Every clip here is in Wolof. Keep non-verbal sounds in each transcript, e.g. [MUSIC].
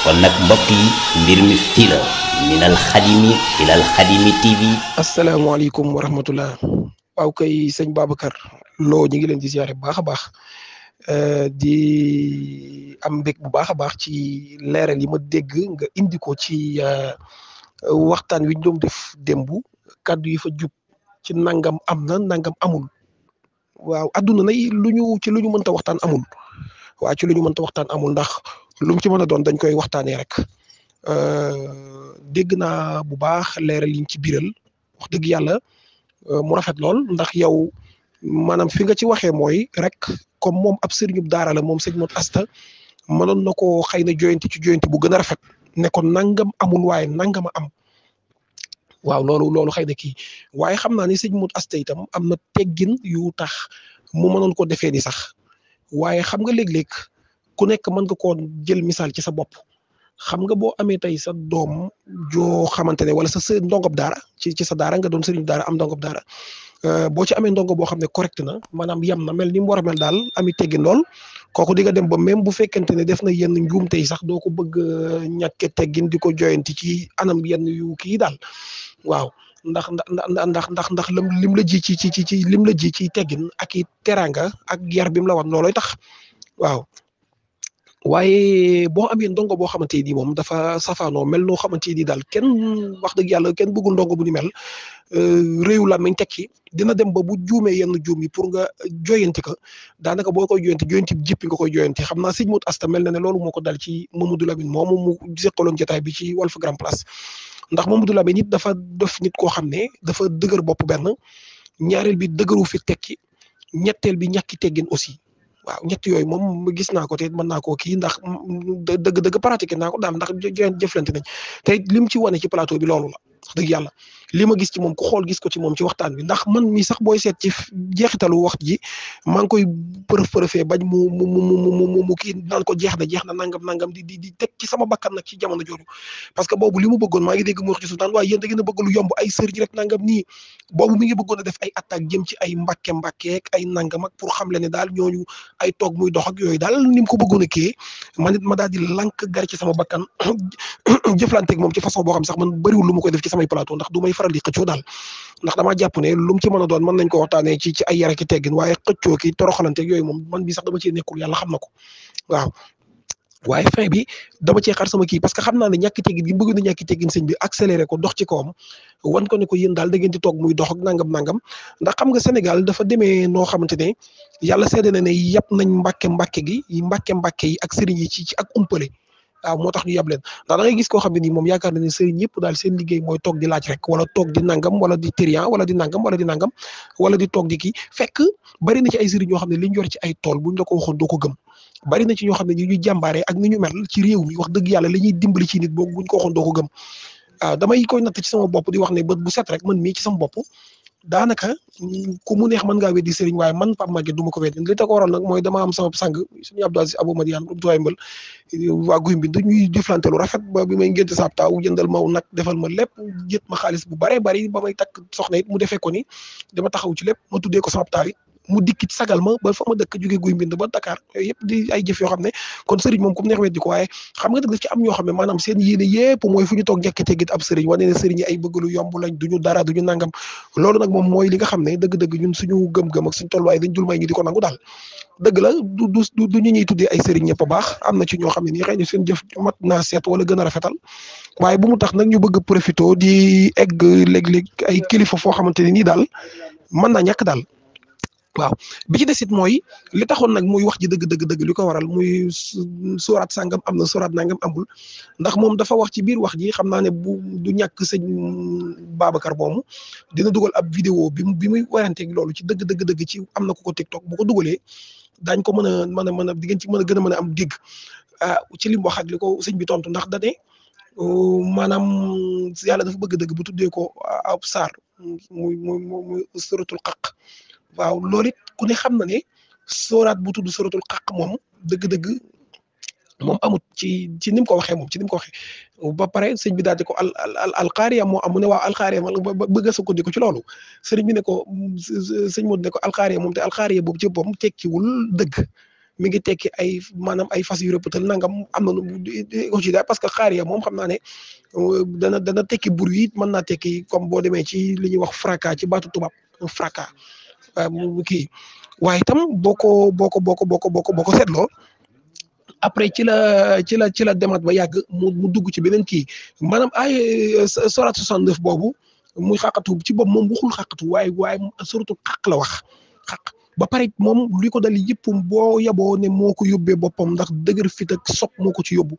kon nag mbokk yi mbir mi fii la minal xadimi ilal xadimi TV. asalaamaaleykum wa rahmatullah waaw kay sëñ Babacar loo ñu ngi leen di ziare bu baax a baax euh, di am mbég bu baax a baax ci leeral yi ma dégg nga indi ko ci euh, waxtaan wi ñu doon def démb kàddu yi fa jub ci nangam am na nangam amul waaw adduna nay lu ñu ci lu ñu mënta waxtaan amul waaw ci lu ñu mënta waxtaan amul ndax. lu ci mën a doon dañ koy waxtaanee rek euh, dégg naa bu baax leeral yiñ ci biiral wax dëgg yàlla euh, mu rafet lool ndax yow maanaam fi nga ci waxee mooy rek comme moom ab sëriñub daara la moom sëñ Modou Asta mënoon na ko xëy na joyante ci joyante bu gën a rafet ne ko nangam amul waaye nangam a am waaw loolu loolu xëy na kii waaye xam naa ni sëñ Modou Asta itam am na teggin yu tax mu mënoon ko defee ni sax waaye xam nga léeg-léeg. ku nekk mën nga koo jël misaal ci sa bopp xam nga boo amee tey sa doom joo xamante ne wala sa sa ndongob daara ci ci sa daara nga doon sëriñ daara am ndongob daara euh, boo ci amee ndongo boo xam ne correct na maanaam yem na mel ni mu mel daal ami teggin lool kooku di nga dem ba même bu fekkente ne def na yenn njuumte tey sax doo ko bëgg ñàkke teggin di ko joyanti ci anam yenn yu kii daal waaw ndax ndax ndax ndax ndax lim la ji ci ci ci lim la ji ci teggin ak i teraanga ak yar bi mu la wan loolooy tax waaw waaye boo amee ndongo boo xamante ni moom dafa safaanoo mel noo xamante ni daal kenn wax dëgg yàlla kenn bëggul dongo bu ni mel euh, réew la mañ tekki dina dem ba bu juumee yenn juum yi pour nga joyanti ko daanaka boo koy joyanti joyanti jippi nga koy joyanti xam na sëñ Mout Asta mel na ne loolu moo ko dal ci Mamadou Lamine moomu mu seqaloon jotaay bi ci Walf Grand Place ndax Mamadou Lamine nit dafa def nit koo xam ne dafa dëgër bopp benn ñaareel bi dëgëru fi tekki ñetteel bi ñàkki teggin aussi. waaw ñett yooyu moom gis naa ko te mën naa koo kii ndax dëgg-dëgg pratiqué naa ko daam ndax jëflante nañ te lim ci wane ci plateau bi loolu la wax dëgg yàlla li ma gis ci moom ku xool gis ko ci moom ci waxtaan bi ndax man mi sax boo seet ci jeexitalu waxtu ji maa ngi koy përëf përëfee bañ mu mu mu mu mu kii naan ko jeex na jeex na nangam nangam di di di teg ci sama bakkan nag ci jamono jooju parce que boobu li mu bëggoon maa ngi dégg mu wax ci suuf daan waaye yéen da ngeen a bëgg lu yomb ay sëriñ rek nangam nii boobu mi ngi bëggoon a def ay attaque jëm ci ne daal ñooñu ay toog muy dox ak yooyu daal ni ko bëggoon a kii ma daal di lank gar ci sama bakkan [COUGHS] jëflanteeg moom ci façon boo xam sax man bëriwul lu ma koy def ci samay plateau ndax du may faral di xëccoo daal ndax damaa jàpp ne lu mu ci mën a doon mën nañ ko waxtaanee ci ci ay yara ki teggin waaye xëccoo ki toroxalante yooyu moom man bi sax dama cee nekkul yàlla xam na ko waaw waaye fin bi dama cee xar sama kii parce que xam naa ne ñàkk teggin gi bëgg na ñàkk teggin sëñ bi accéléré ko dox ci kawam wan ko ne ko yéen daal da ngeen di toog muy dox ak nangam nangam ndax xam nga Sénégal dafa demee noo xamante ne yàlla seede na ne yàpp nañ mbàkke mbàkke gi mbàkke mbàkke yi ak sëriñ yi ci ci ak umpale waaw moo tax ñu yab leen ndax da gis koo xam ne nii moom yaakaar na ne sëriñ yëpp daal seen liggéey mooy toog di laaj rek wala toog di nangam wala di trian wala di nangam wala di toog di kii fekk bari na ci ay sëriñ yoo xam ne li ñu yor ci ay tool buñ la ko waxoon doo ko gëm bari na ci ñoo xam ne ñi ñu jàmbaaree ak ni ñu mel ci réew mi wax dëgg yàlla li ñuy dimbali ci nit boo buñ ko waxoon doo ko gëm waaw damay koy natt ci sama bopp di wax ne bët bu set rek man mii ci sama bopp daanaka ku mu neex man ngaa weddi sëriñ waaye man Pape Maguette du ma ko weddi li ta ko mooy dama am sama sang suñu Abdou Aziz Abou Madiane Abdou Waay Mbël waa guy bi dañuy jëflante lu rafet ba bi may ngénte saab taaw jëndal maw nag defal ma lépp jët ma xaalis bu bare bari ba may takk soxna it mu defee ko ni dama taxaw ci lépp ma tuddee ko saab taaw it mu dikkit sagal ma ba fa ma dëkk jóge guy mbind ba Dakar yooyu yëpp di ay jëf yoo xam ne kon sëriñ moom comme neex weddi ko waaye xam nga dëgg ci am ñoo xam ne seen yéene yëpp mooy fu ñu toog njëkk tegit ab sëriñ wane ne sëriñ yi ay bëgg lu yomb lañ duñu dara ñu nangam loolu nag moom mooy li nga xam ne dëgg-dëgg ñun suñu gëm-gëm ak suñu tolluwaay dañ dul ñu di ko nangu daal dëgg la du du du ñu ñuy tuddee ay sëriñ ñëpp a baax am na ci ñoo xam ne nii xëy na seen jëf mat na seet wala gën a rafetal waaye bu mu tax nag ñu bëgg profito di egg léeg-léeg ay kilifa foo xamante ne nii daal mën na ñàkk daal waaw bi ci desit mooy li taxoon nag mooy wax ji dëgg dëgg dëgg li ko waral muy sóoraat sàngam am na sóoraat nangam amul ndax moom dafa wax ci biir wax ji xam naa ne bu du ñàkk sëñ Babacar moomu dina dugal ab vidéo bi bi muy waranteeg loolu ci dëgg dëgg dëgg ci am na ko ko TikTok bu ko dugalee daañ ko mën a mën a mën a di ngeen ci mën a gën a mën a am dégg ah ci li wax ak li ko sëñ bi tontu ndax dane oh, maanaam yàlla dafa bëgg dëgg bu tuddee ko ah, ab saar muy muy muy suratul xaq waaw loolu it ku ne xam na ne sóoraat bu tudd soratul xaq moom dëgg-dëgg moom amut ci ci ni mu ko waxee moom ci ni ko waxee ba pare sëñ bi daal ko al al alxaariya moo am mu ne waaw alxaariya man ba a sukkandiku ci loolu sëriñ bi ne ko sëñ Modou ne ko alxaariya moom te alxaariya boobu ci boppam dëgg mi ngi tekki ay maanaam ay fas yu rëppatal nangam am na lu ko ci daal parce que xaariya moom xam naa ne dana dana tekki bruit mën naa tekki comme boo demee ci li ñuy wax fracas ci baatu tubaab fraka Euh, mu kii waaye itam boo ko boo ko boo ko boo ko boo ko seetloo après ci la ci la ci demaat ba yàgg mu mu dugg ci beneen kii maanaam ay euh, sorat 69 boobu muy xaqatu ci bob moom waxul xaqatu waaye waaye surtout xaq la wax ba pare moom li ko dal yëpp boo yaboo ne moo ko yóbbee boppam ndax dëgër fit ak soq moo ko ci yóbbu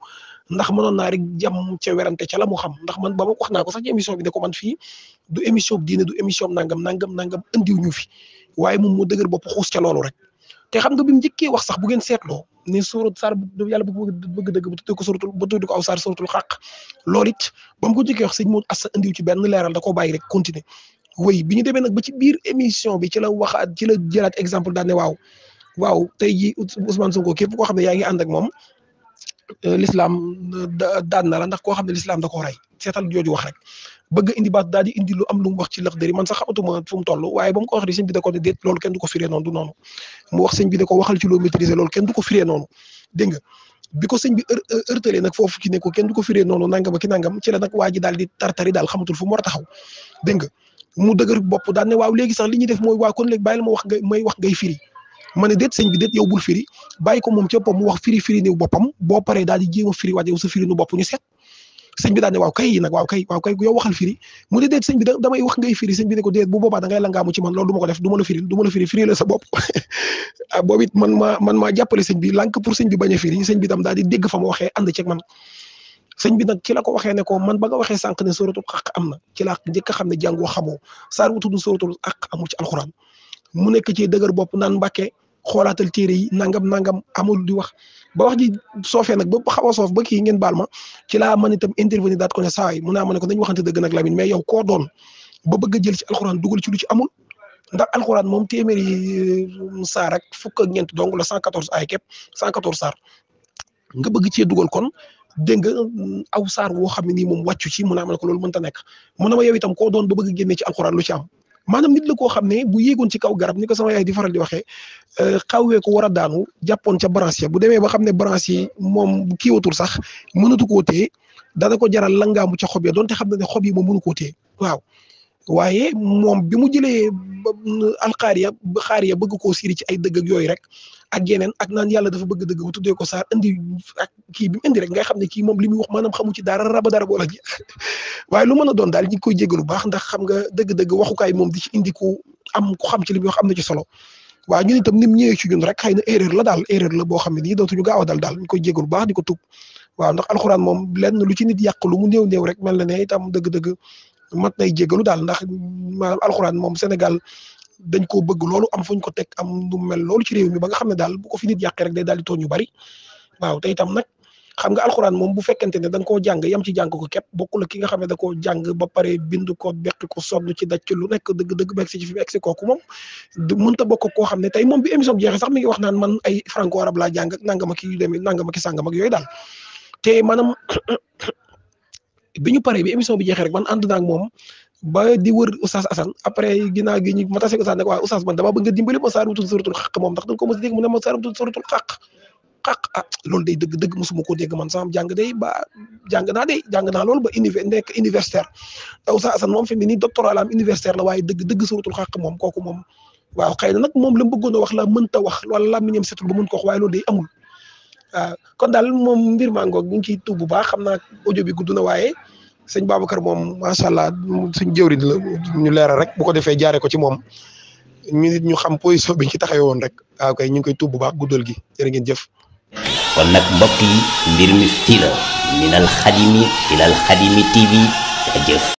ndax mënoon naa rek jàmm ca werante ca la mu xam ndax man ba ma wax naa ko sax ci bi ne ko man fii du émission bi du émission nangam nangam nangam andiw ñu waaye moom moo dëgër bopp xuus ca loolu rek te xam nga bi mu njëkkee wax sax bu ngeen seetloo ne suurat saar yàlla bu bëgg dëgg ba tuddee ko suratul ba tuddee ko aw saar suratul xàq loolu it ba mu ko njëkkee wax sëñ moo assa indiw ci benn leeral da koo bàyyi rek continuer wéy bi ñu demee nag ba ci biir émission bi ci la waxaat ci la jëlaat exemple daal ne waaw waaw tey jii Ousmane Sonko képp koo xam ne yaa ngi ànd ak moom euh, l'islam euh, daan na la ndax koo xam ne l'islam da koo rey seetal jooju wax rek bëgg indi baat daal di indi lu am lu mu wax ci Laxdari man sax xamatuma fu mu toll waaye ba mu ko wax di sëñ bi da ko ne déet loolu ko firee noonu du noonu mu wax sëñ bi ko waxal bi ko sëñ bi nag foofu ci ne ko kenn du ko firee noonu nangam ak nangam ci la nag waa ji daal di tartari daal xamatul fu mu war a taxaw mu dëgër bopp daan waaw léegi sax li ñuy def mooy waa kon léegi bàyyi la ma wax ngay may wax ngay firi ma ne déet sëñ bi déet yow bul firi bàyyi ko moom ci boppam mu wax firi firi néew boo paree daal di a firi nu bopp ñu seet sëñ bi daal ne waaw kay nag waaw kay waaw kay yow waxal firi mu ne déet sëñ damay wax ngay firi sëñ bi bu boobaa da ngay langaamu man loolu du ko def du firi firi la sa bopp [LAUGHS] ah boobu it man maa man maa jàppale sëñ bi lànk pour sëñ bi bañ a firi sëñ bi tam daal di dégg fa ma waxee ànd man sëñ bi nag ci la ko waxee ne ko man ba nga waxee sànq ne sóoratul xaq am na ci laa njëkk a xam ne jàngoo xamoo saar wu tudd sóoratul xaq ci alxuraan mu nekk ci dëgër bopp naan mbàkke xoolaatal téere yi nangam nangam amul di wax ba wax ji soofee nag ba xaw a soof ba kii ngeen baal ma ci laa mën itam intervenir daat ko ne saa yi mun naa ma ne ko dañu waxante dëgg nag Lamine mais yow koo doon ba bëgg a jël ci alxuraan dugal ci lu ci amul ndax alxuraan moom téeméeri euh, saar rek fukk ak ñeent dong la 114 ay képp 114 saar nga bëgg cee dugal kon dégg nga aw saar woo xam ne nii moom wàccu ci mun naa ma ne ko loolu nekk mun na ma yow itam koo doon ba bëgg ci alxuraan lu ci am. maanaam nit la koo xam ne bu yéegoon ci kaw garab ni ko sama yaay di faral di waxee euh, xawwee ko war a daanu jàppoon ca branche ya bu demee ba xam ne branche yi moom bu sax mënatu koo téye dana ko jaral langaamu ca xob ya donte xam na ne xob yi moom mënu koo téye waaw waaye moom bi mu jëlee alxaariya xaariya bëgg koo siri ci ay dëgg ak yooyu rek ak yeneen ak naan yàlla dafa bëgg dëgg mu tuddee ko saar indi ak kii bi mu indi rek ngay xam ne kii moom li muy wax maanaam xamu ci dara raba dara boole ji [LAUGHS] waaye lu mën a doon daal ñu ngi koy jéggalu baax ndax xam nga dëgg-dëgg waxukaay moom di ci indi ku am ku xam ci li muy wax am na ci solo waaw ñun itam ni mu ñëwee ci ñun rek xëy na erreur la daal erreur la boo xam ne nii dootuñu gaaw a dal daal ñu koy jéggalu baax di ko tub waaw ndax alxuraan moom lenn lu ci nit yàq lu mu néew néew rek mel na ne itam dëgg-dëgg mat nay jégalu daal ndax maanaam alxuraan moom Sénégal dañ koo bëgg loolu am fuñ ko teg am nu mel loolu ci réew mi ba nga xam ne daal bu ko fi nit yàqee rek day daal di tooñ ñu bari waaw te itam nag xam nga alxuraan moom bu fekkente ne da nga koo jàng yam ci jàng ko képp bokkul ki nga xam ne da koo jàng ba pare bind ko beqi ko sonn ci da ci lu nekk dëgg dëgg beeg si ci fi egsi kooku moom mënta bokk koo xam ne tey moom bi émission bi jeexee sax mi ngi wax naan man ay franco arab laa jàng ak nangama ki yu demee nangama yooyu daal te bi ñu paree bi émission bi jeexee rek man ànd naa ak moom ba di wër Oustaz Assane après ginnaaw gi ñu ma tasee Oustaz ne ko waaye Oustaz man damaa bëgg nga dimbali ma saar bu tudd suratul xaq ndax dañ a dégg mu ne ma saar bu tudd suratul xaq xaq ah loolu day dëgg dëgg mosuma ko dégg man sam jàng day ba jàng naa day jàng naa loolu ba univers nekk universitaire te Oustaz Assane moom fi mu ne nii doctoral am la waaye dëgg dëgg suratul xaq moom kooku moom waaw xëy na nag moom la mu a wax la mënta wax wala làmmiñam setul ba ko wax waaye loolu waaw ah, kon daal moom mbir maa ngoog ngi ciy tuub bu baax xam na audio bi gudd na waaye sëñ Babacar moom macha allah sëñ jëwriñ la ñu leeral rek bu ko defee jaaree ko ci moom ñu nit ñu xam position bi ñu ci taxawee woon rek waaw ah, kay ñu ngi koy tub bu baax guddal gi jërë ngeen jëf. kon nag mbokk yi mbir mi fii la minal xadimi ilal xadimi jëf.